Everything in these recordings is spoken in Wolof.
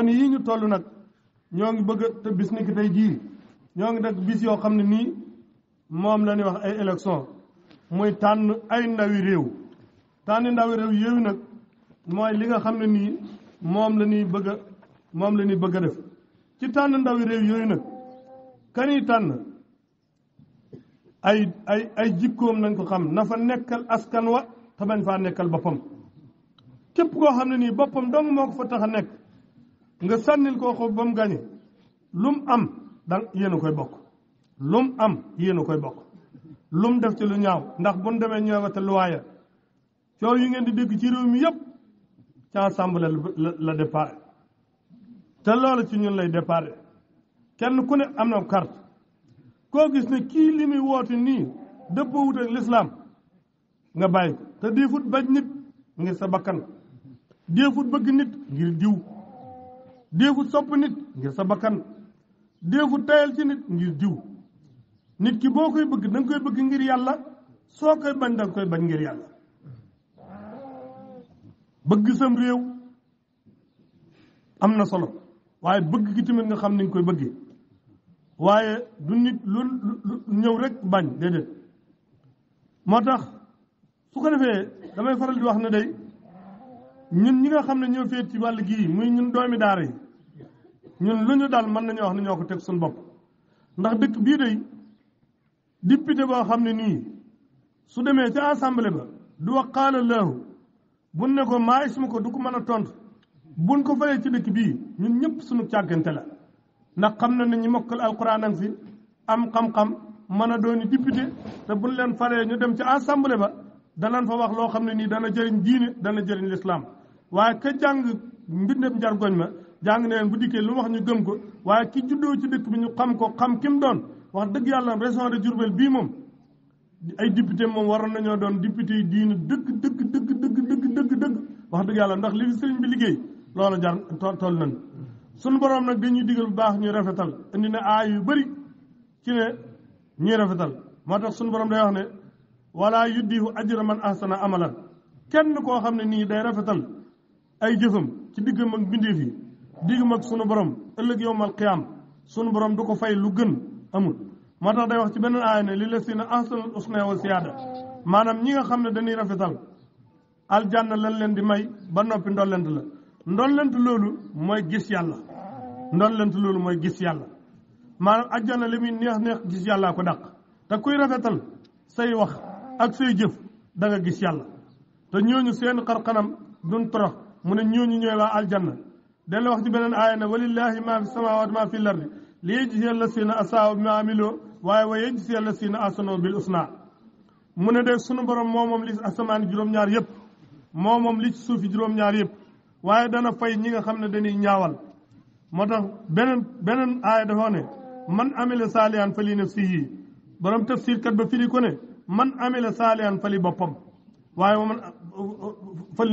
fan yii ñu toll nag ñoo ngi bëgg te bis ni ki tey jii ñoo ngi nag bis yoo xam ne nii moom la ñuy wax ay élection muy tànn ay ndawi réew tànn ndawi réew yooyu nag mooy li nga xam ne nii moom la ñuy bëgg a moom la ñuy bëgg a def ci tànn ndawi réew yooyu nag kani tànn ay ay ay jikkoom nañ ko xam na fa nekkal askan wa te bañ faa nekkal boppam képp koo xam ne nii boppam dong moo ko fa tax a nekk nga sànnil ko ko ba mu gañe lum am da yéen koy bokk lum am yéen a koy bokk lum def ci lu ñaaw ndax bu ñu demee ñëwatal luwaaya coow yi ngeen di dégg ci réew mi yëpp ci assemblée la la départ te loolu ci ñun lay départ kenn ku ne am na carte koo gis ne kii li muy woote nii dëppoo wut ak lislaam nga bàyyi te déefut bañ nit ngir sa bakkan déefut bëgg nit ngir diw déefut sopp nit ngir sa bakkan déefut tayal ci nit ngir diw nit ki boo koy bëgg da nga koy bëgg ngir yàlla soo koy bañ da nga koy bañ ngir yàlla bëgg sam réew am na solo waaye bëgg gi tamit nga xam ni nga koy bëggee waaye du nit lu ñëw rek bañ déedéet moo tax su ko defee damay faral di wax ne day ñun ñi nga xam ne ñëw féet ci wàll gii muy ñun doomi daara yi ñun lu ñu daal mën nañoo wax ne ñoo ko teg suñu bopp ndax dëkk bii day député boo xam ne nii su demee ca assemblée ba du wax qaala laahu buñ ne ko maa ismu ko du ko mën a tontu buñ ko fayee ci dékk bii ñun ñëpp suñu càggante la ndax xam na ne ñu mokkal alquran ak si am xam-xam mën a dooni député te buñ leen faree ñu dem ca assemblée ba danañ fa wax loo xam ne nii dana jëriñ diine dana jëriñ lislaam waaye ka jàng mbindam njargoñ ma jàng neen bu dikkee lu wax ñu gëm ko waaye ki juddoo ci dëkk bi ñu xam ko xam kim doon wax dëgg yàlla région de Diourbel bii moom ay député moom waroon nañoo doon député yi diine dëgg dëgg dëgg dëgg dëgg dëgg dëgg wax dëgg yàlla ndax li fi sëriñ bi liggéey loolu jar toll nañ sunu boroom nag dañuy digal bu baax ñuy rafetal indi na aay yu bëri ci ne ñuy rafetal moo tax sunu borom day wax ne wala yuddihu ajra man ahsana amalan kenn koo xam ne nii day rafetal ay jëfam ci diggam ak bindéef yi diggam ak sunu borom ëllëg yowmal qiyaam sunu borom du ko fay lu gën amul moo tax day wax ci benn aaya li la si na ahsanul usna wa siyaada maanaam ñi nga xam ne dañuy rafetal aljanna lan leen di may ba noppi ndollent la ndollent loolu mooy gis yàlla ndollent loolu mooy gis yàlla maanaam aljanna li muy neex neex gis yàllaa ko dàq te kuy rafetal say wax ak say jëf danga gis yàlla te ñooñu seen xar-xanam duñ torox mu ne ñooñu ñooy waa aljanna delloo wax ci beneen aaya ne walillahi ma fi samawati ma fi lardi li yajziya lasina asaaw bi ma amiloo waaye wa yajziya lasina asano bil usna mu ne de sunu borom moo moom li asamaan juróom-ñaar yëpp moo li ci suufi juróom-ñaar yëpp waaye dana fay ñi nga xam ne dañuy ñaawal moo tax beneen beneen aaya dafa man amila saalihan fa li nafsihi borom tafsir kat ba firi ko ne man amila saalihan fa boppam waaye man fa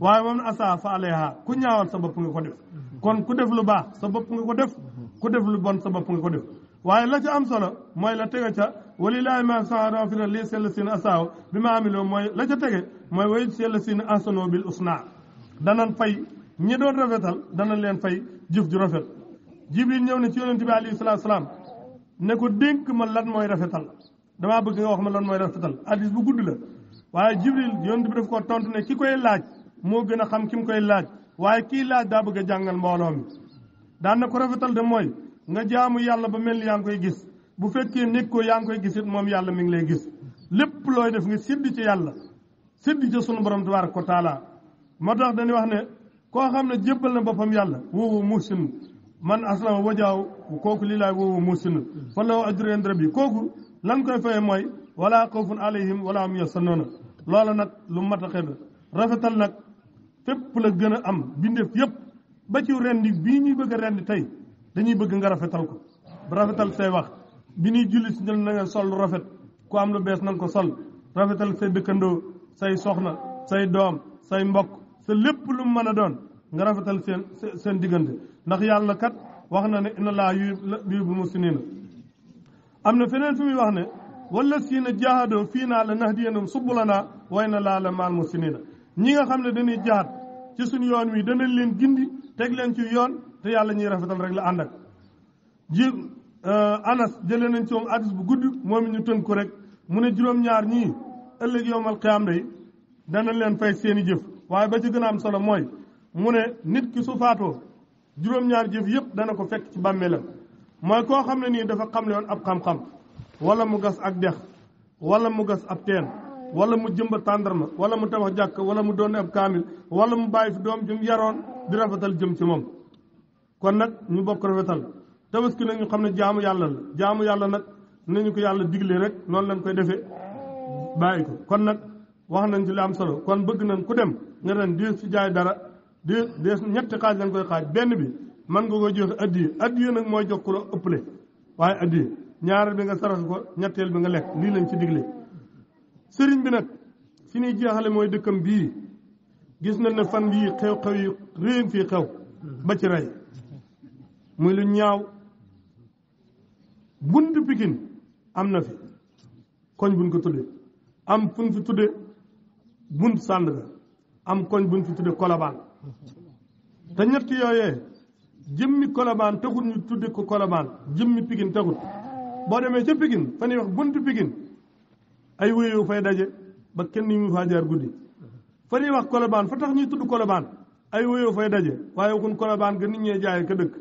waaye moom asa fa alayha ku ñaawal sa bopp nga ko def kon ku def lu baax sa bopp nga ko def ku def lu bon sa bopp nga ko def waaye la ca am solo mooy la tege ca walilaahi ma sara fira li sell sin asaaw bi ma amiloo mooy la ca tege mooy way sell sin asano bil usna danan fay ñi doon rafetal danan leen fay jëf ju rafet jibril ñëw ne ci yonente bi alayhi salaatu salaam ne ko dénk ma lan mooy rafetal damaa bëgg nga wax ma lan mooy rafetal hadis bu gudd la waaye jibril yonente bi daf ko tontu ne ki koy laaj moo gën a xam ki mu koy laaj waaye kii laaj daa bëgg jàngal mbooloo mi daan na ko rafetal de mooy nga jaamu yàlla ba mel ni yaa ngi koy gis bu fekkee nekk ko yaa ngi koy gis moom yàlla mi ngi lay gis lépp looy def nga sédd ci yàlla sédd ci sunu borom tabaaraka wa taala moo tax dañuy wax ne koo xam ne jébbal na boppam yàlla woowu muhsin man aslama wajaaw kooku lii laay woowu muhsin fa law ajru inda rabbi kooku lan koy faye mooy wala xawfun alayhim wala hum yahzanuun loola nag lu mat a fépp la gën a am bindeef yépp ba ci rendi bii ñuy bëgg a rendi tey dañuy bëgg nga rafetal ko rafetal say wax bi ñuy julli si ñun na nga sol rafet ku am lu bees na ko sol rafetal say dëkkandoo say soxna say doom say mbokk sa lépp lu mën a doon nga rafetal seen seen diggante ndax yàlla kat wax na ne inna laa yuhibbul muhsiniina am na feneen fi muy wax ne wala siina jaahadoo fii naa la nahdiyanahum subulanaa wa inna la ma'al muhsiniina ñi nga xam ne dañuy jaat ci suñu yoon wii dana leen gindi teg leen ci yoon te yàlla ñuy rafetal rek la ànd ak ji euh, anas jëlee nañ ci moom addis bu gudd moom ñu tënku rek mu ne juróom-ñaar ñii ëllëg yowmal qiyaam day dana leen fay seeni jëf waaye ba ci gën a am solo mooy mu ne nit ki suufaatoo faatoo juróom-ñaar jëf yëpp dana ko fekk ci bàmmeelam mooy koo xam ne nii dafa xam woon ab xam-xam wala mu gas ak dex wala mu gas ab teen wala mu jëmba tàndarma wala mu tabax jàkk wala mu doon ab kaamil wala mu bàyyi fi doom jëm yaroon di rafetal jëm ci moom kon nag ñu bokk rafetal ki nag ñu xam ne jaamu yàlla la jaamu yàlla nag nañu ko yàlla diglee rek noonu lañ koy defee bàyyi ko kon nag wax nañ ci li am solo kon bëgg nañ ku dem nga ren dees ci jaay dara dees dees ñetti xaaj lañ koy xaaj benn bi mën nga koy joxe addiye addiye nag mooy jox ku la ëppale waaye addiye ñaareel bi nga sarax ko ñetteel bi nga lekk lii lañ ci digle sëriñ bi nag fi ñuy jeexale mooy dëkkam bii gis nañ ne fan yii xew-xew yi réen fii xew ba ci rey muy lu ñaaw buntu Pikine am na fi koñ buñ ko tudde am fuñ fi tudde buntu Sandaga am koñ buñ fi tudde Colobane te ñett yooyee jëmmi Colobane taxul ñu tudde ko Colobane jëmmi Pikine taxul boo demee ca Pikine fa ñuy wax buntu Pikine ay wéyoo fay daje ba kenn ni mu faa jaar guddi fa ñuy wax kolobaan fa tax ñuy tudd kolobaan ay wéyoo fay daje waaye kon kolobaan ga nit ñee jaaye ka dëkk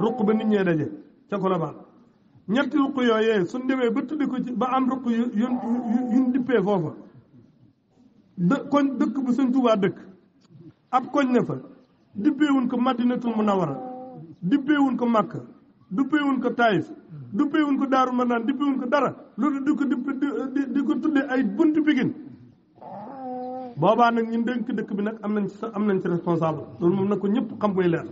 ruq ba nit ñee daje ca kolobaan ñetti ruq yooyee suñ demee ba tuddi ko ci ba am ruq yu yu yu dippee foofa dë koñ dëkk bu sëñ Tuubaa dëkk ab koñ ne fa dippeewuñ ko Madinatul Munawwara dippeewuñ ko Makka duppeewuñ ko Taïf duppeewuñ ko Daaru Manaan duppeewuñ ko dara loolu di ko di di ko tuddee ay buntu Pikine boobaa nag ñun dénk dëkk bi nag am nañ ci am nañ ci responsable loolu moom nag ko ñëpp xam koy leer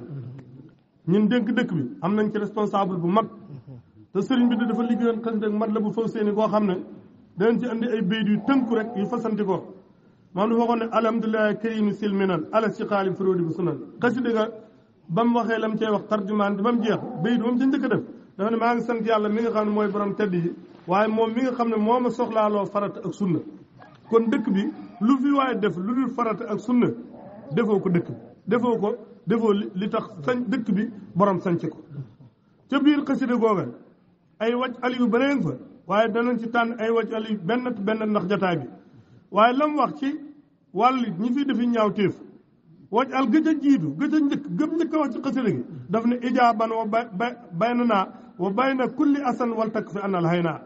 ñun dénk dëkk bi am nañ ci responsable bu mag te sëriñ bi dafa liggéeyoon xasida ak mat la bu faw seeni koo xam ne dañ ci andi ay bayt yu tënku rek yu fasanti ko moom dafa waxoon ne alhamdulilah karimu silminal ala si xaalim furodi bi sunal xasida ba mu waxee la mu cay wax tarjumaan bi ba mu jeex bayit moom ca njëkk def dafa ne maa ngi sant yàlla mi nga xam ne mooy borom tedd yi waaye moom mi nga xam ne moo ma soxlaaloo farata ak sunna kon dëkk bi lu fi waaye def lu dul farata ak sunna defoo ko dëkk bi defoo ko defoo li tax sañ dëkk bi borom sañc ko ca biir xasida googa ay waj al yu bëreeng fa waaye danañ ci tànn ay waj al benn benn ndax jataay bi waaye lam wax ci wàll ñi fi defi ñaaw téef waj al gëj a jiitu gëj a njëkk gëm njëkk a wax ci xasida gi daf ne ijaaban wa bay bay na naa wa bay na kulli asan wal takk fi anal xëy naa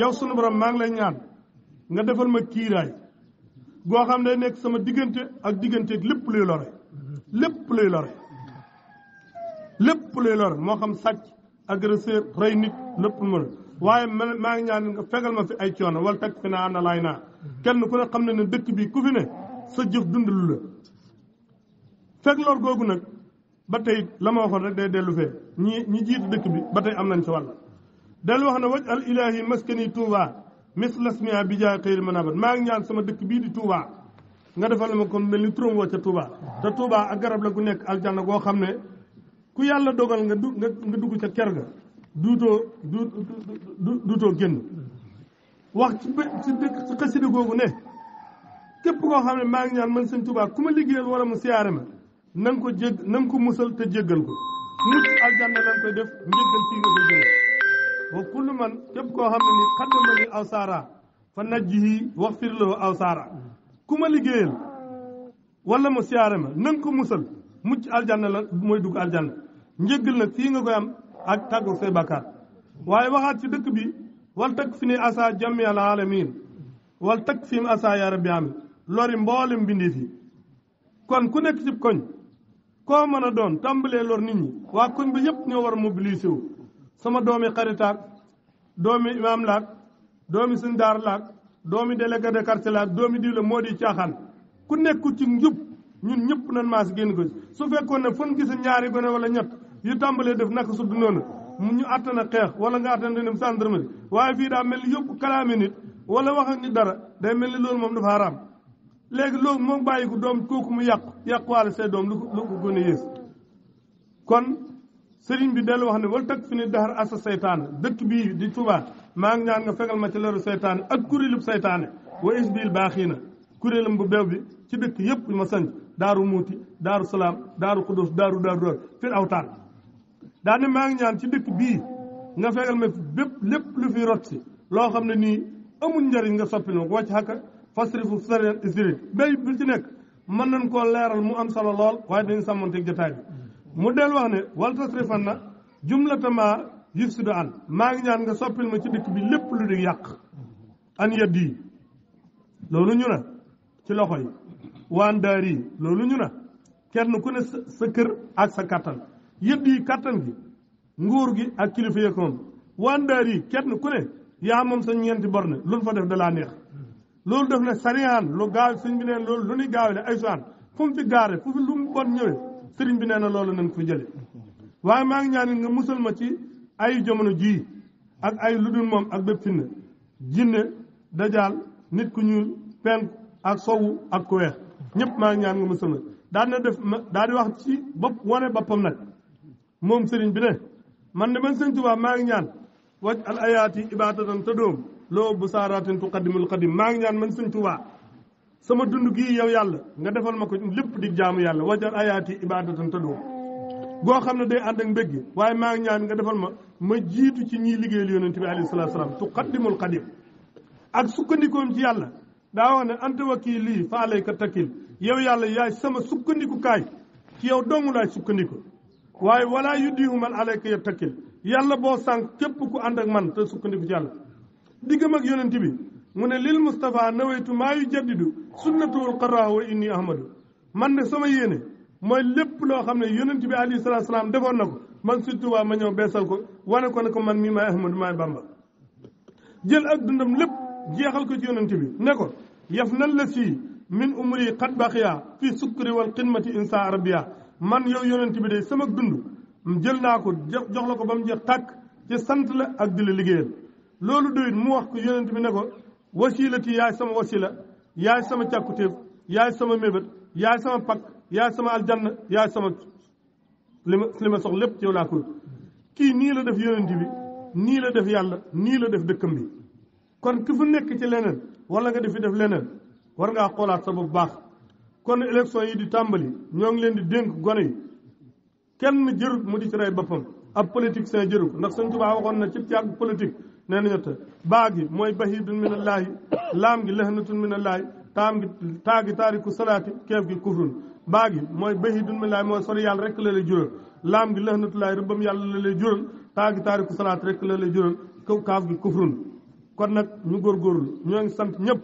yow sunu borom maa ngi lay ñaan nga defal ma kiiraay goo xam ne nekk sama diggante ak diggante lépp luy lore lépp luy lore lépp luy lore moo xam sàcc agresseur rey nit lépp mën waaye maa ngi ñaan nga fegal ma fi ay coono wal takk fi naa anal xëy naa kenn ku ne xam ne ne dëkk bi ku fi ne sa jëf dundul fekk lor googu nag ba tey la ma waxoon rek day dellu fee ñi ñi jiitu dëkk bi ba tey am nañ ci wàll dellu wax ne waj al ilahi maskani Touba mis lasmia bi jaay xëyri manabat maa ngi ñaan sama dëkk bii di Touba nga defal ma ko mel ni turam woo ca Touba te Touba ak garab la gu nekk aljanna goo xam ne ku yàlla dogal nga du nga dugg ca ker ga duutoo du duutoo génn wax ci ci ci xasida googu ne képp koo xam ne maa ngi ñaan man sëñ Touba ku ma liggéeyal wala mu siyaare ma na ko jég na ko musal te jéggal ko mucc aljanna la nga koy def njéggal fii nga koy jëlee wa képp koo xam ne ni xaddama aw saara fa najjihi waxfir lahu aw saara ku ma liggéeyal wala mu siyaare ma na ko musal mucc aljanna la mooy dugg aljanna njéggal nag fii nga koy ak tàggu say bàkkaar waaye waxaat ci dëkk bi wal takk fi ni asa jami al alamin wal takk fi mu asa ya rabbi lori mboolem mbindee fi kon ku nekk ci koñ koo mën a doon tàmbalee lor nit ñi waa koñ bi yëpp ñoo war a mobiliser wu sama doomi xaritaak doomi imaam laak doomi sindaar laak doomi délégué de quartier laak doomi diw la moo di caaxaan ku nekku ci njub ñun ñëpp nan maas génn ko su fekkoon ne fun gisa ñaari gone wala ñett yu tàmbalee def naka su dundoon mu ñu àttan xeex wala nga àttan dem gendarmerie waaye fii daa mel ni yóbbu nit wala wax ak dara day mel ni loolu moom dafa haram léegi loolu moom bàyyi ko doom kooku mu yàqu yàquwaale say doom lu ko lu ko gën kon sëriñ bi dellu wax ne wal takk fi ni daxar asa saytaane dëkk bii di Tuubaa maa ngi ñaan nga fegal ma ci leeru saytaane ak kuréelu saytaane wa isbil baaxii na kuréelam bu beew bi ci dëkk yëpp ma sanc daaru muuti daaru salaam daaru xudus daaru daaru daaru fir awtaan daa ne maa ngi ñaan ci dëkk bii nga fegal ma bépp lépp lu fi rot si loo xam ne nii amul njëriñ nga soppi na wacc xakka fasrifu zirin béy bi ci nekk mën nañ koo leeral mu am solo lool waaye dañu sàmmanteeg jotaay bi mu del wax ne wal tasrifan na jumlatama yufsidu an maa ngi ñaan nga soppil ma ci dëkk bi lépp lu di yàq an yeddi loolu ñu na ci loxo yi waan loolu ñu na kenn ku ne sa kër ak sa kattan yeddi kattan gi nguur gi ak kilifa yeeg moom yi kenn ku ne yaa moom sa ñeenti bor borne lu fa def da neex loolu def na sariyaan lu gaaw sëriñ bi neen loolu lu ñuy gaaw ne ay suwaan fu mu fi gaare fu fi lu mu ñëwee sëriñ bi nee na loolu nañ ko jële waaye maa ngi ñaan nga musal ma ci ay jamono jii ak ay lu dul moom ak bépp fitna jinne dajaal nit ku ñuul penk ak sowu ak ku weex maa ngi ñaan nga musal ma daal na def daal di wax ci bopp wane boppam nag moom sëriñ bi ne man de man sëñ Tuubaa maa ngi ñaan wa al ayaati ibaadatan ta loo bu saaraatin tuqaddimul qadim maa ngi ñaan man suñ tubaa sama dund gii yow yàlla nga defal ma ko lépp di jaamu yàlla wajal ayaati ibadatan doo goo xam ne day ànd ak gi waaye maa ngi ñaan nga defal ma ma jiitu ci ñiy liggéeyal yonent bi alayhi salaatu salaam tuqaddimul qadim ak sukkandikoom ci yàlla daa wax ne anta wakii lii fa alayka takkil yow yàlla yaay sama sukkandikukaay ci yow dong laay sukkandiku waaye walaa yuddihu man alayka ya takkil yàlla boo sànq képp ku ànd ak man te sukkandiku ci diggam mag yonent bi mu ne lil Moustapha nawaytu maa yu jaddidu sunnatuwul qaraahu wa inni ahmadu man de sama yéene mooy lépp loo xam ne yonent bi alayhi salaatu salaam defoon na ko man surtout waa ma ñëw beesal ko wane ko ne ko man mii maay ahmadu maay bamba jël ak dundam lépp jeexal ko ci yonent bi ne ko yaf nan la sii min umri xat baqiya fi sukkuri wal xidmati insa arabiya man yow yonent bi de sama dund jël naa ko jox la ko ba mu jeex tàkk ci sant la ak di la loolu doyut mu wax ko yonent bi ne ko wasilati yaay sama wasila yaay sama càkkutéef yaay sama mébét yaay sama pak yaay sama aljanna yaay sama li ma ma soxla lépp ci yow laa ko kii nii la def yonent bi nii la def yàlla nii la def dëkkam bi kon ki fu nekk ci leneen wala nga defi def leneen war ngaa xoolaat sa bopp baax kon élection yi di tàmbali ñoo ngi leen di dénk gone yi kenn jërut mu di ci rey boppam ab politique seen jëru ndax Sëñ Tuubaa waxoon na ci ci ak politique nee na ñett baa gi mooy bahidun min allaahi laam gi lehnatun min allaahi taam gi taa gi taariku salaati keef gi kufrun baa gi mooy bahidun min allaahi mooy sori yàlla rek la lay jural laam gi lehnatullaahi rëbbam yàlla la lay taa gi taariku salaati rek la lay jural kaw kaaf gi kufrun kon nag ñu góor góorgóorlu ñoo ngi sant ñëpp